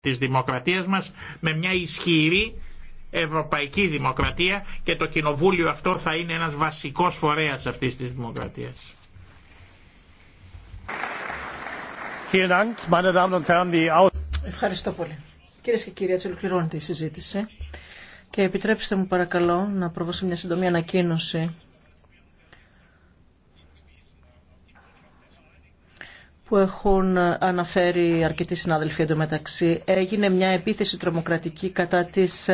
της δημοκρατίας μας με μια ισχυρή ευρωπαϊκή δημοκρατία και το κοινοβούλιο αυτό θα είναι ένας βασικός φορέας αυτής της δημοκρατίας. Ευχαριστώ πολύ. Κυρίε και κύριοι, έτσι ολοκληρώνεται η συζήτηση. Και επιτρέψτε μου παρακαλώ να προβώ μια συντομή ανακοίνωση που έχουν αναφέρει αρκετοί συνάδελφοι εντωμεταξύ. Έγινε μια επίθεση τρομοκρατική κατά της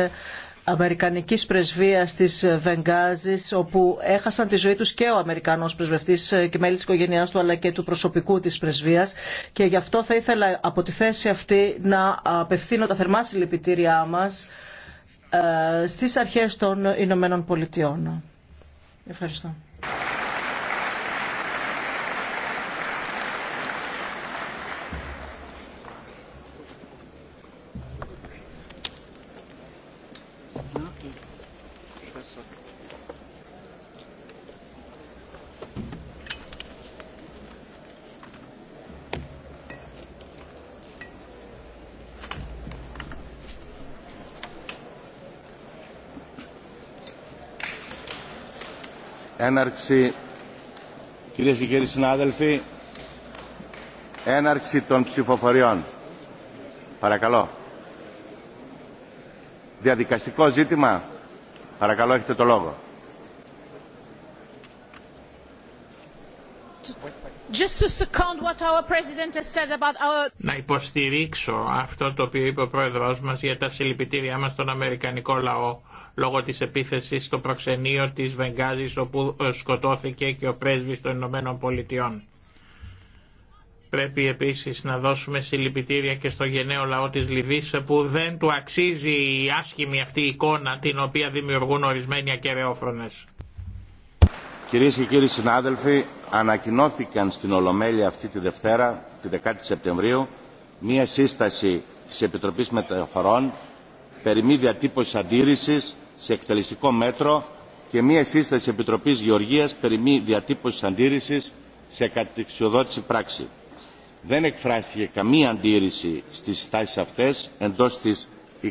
Αμερικανικής πρεσβείας της Βενγκάζης, όπου έχασαν τη ζωή τους και ο Αμερικανός πρεσβευτής και μέλη της οικογένειάς του αλλά και του προσωπικού της πρεσβείας και γι' αυτό θα ήθελα από τη θέση αυτή να απευθύνω τα θερμά συλληπιτήριά μας ε, στις αρχές των Ηνωμένων Πολιτειών. Ευχαριστώ. έναρξη κυρίες και κύριοι συνάδελφοι έναρξη των ψηφοφοριών παρακαλώ διαδικαστικό ζήτημα παρακαλώ έχετε το λόγο Να υποστηρίξω αυτό το οποίο είπε ο Πρόεδρος μας για τα συλληπιτήριά μας στον Αμερικανικό λαό λόγω της επίθεσης στο προξενείο της Βενγκάζης όπου ε, σκοτώθηκε και ο πρέσβης των Ηνωμένων Πολιτειών. Πρέπει επίσης να δώσουμε συλληπιτήρια και στο γενναίο λαό της Λιβύης που δεν του αξίζει η άσχημη αυτή εικόνα την οποία δημιουργούν ορισμένοι ακεραιόφρονες. Κυρίες και κύριοι συνάδελφοι, ανακοινώθηκαν στην Ολομέλεια αυτή τη Δευτέρα, τη 10η Σεπτεμβρίου, μία σύσταση της Επιτροπής Μεταφορών περί μη διατύπωση αντίρρησης σε εκτελεστικό μέτρο και μία σύσταση Επιτροπής Γεωργίας περί μη διατύπωση αντίρρησης σε κατεξιοδότηση πράξη. Δεν εκφράστηκε καμία αντίρρηση στις στάσεις αυτές εντός της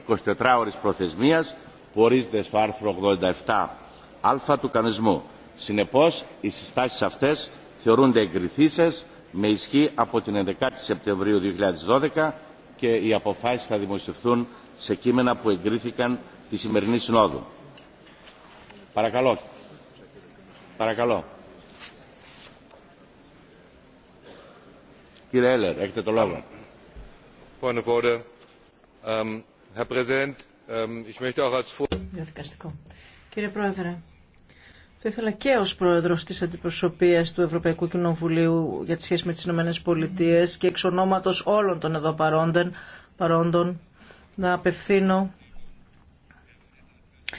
24 ώρης προθεσμίας που ορίζεται στο άρθρο 87α του κανονισμού. Συνεπώς, οι συστάσεις αυτές θεωρούνται εγκριθήσεις με ισχύ από την 11η Σεπτεμβρίου 2012 και οι αποφάσεις θα δημοσιευθούν σε κείμενα που εγκρίθηκαν τη σημερινή συνόδου. Παρακαλώ. Παρακαλώ. Κύριε Έλερ, έχετε το λόγο. Um, um, Κύριε Πρόεδρε, θα ήθελα και ως πρόεδρος της αντιπροσωπείας του Ευρωπαϊκού Κοινοβουλίου για τις σχέσεις με τις Ηνωμένες Πολιτείες και εξ όλων των εδώ παρόντων, παρόντων να απευθύνω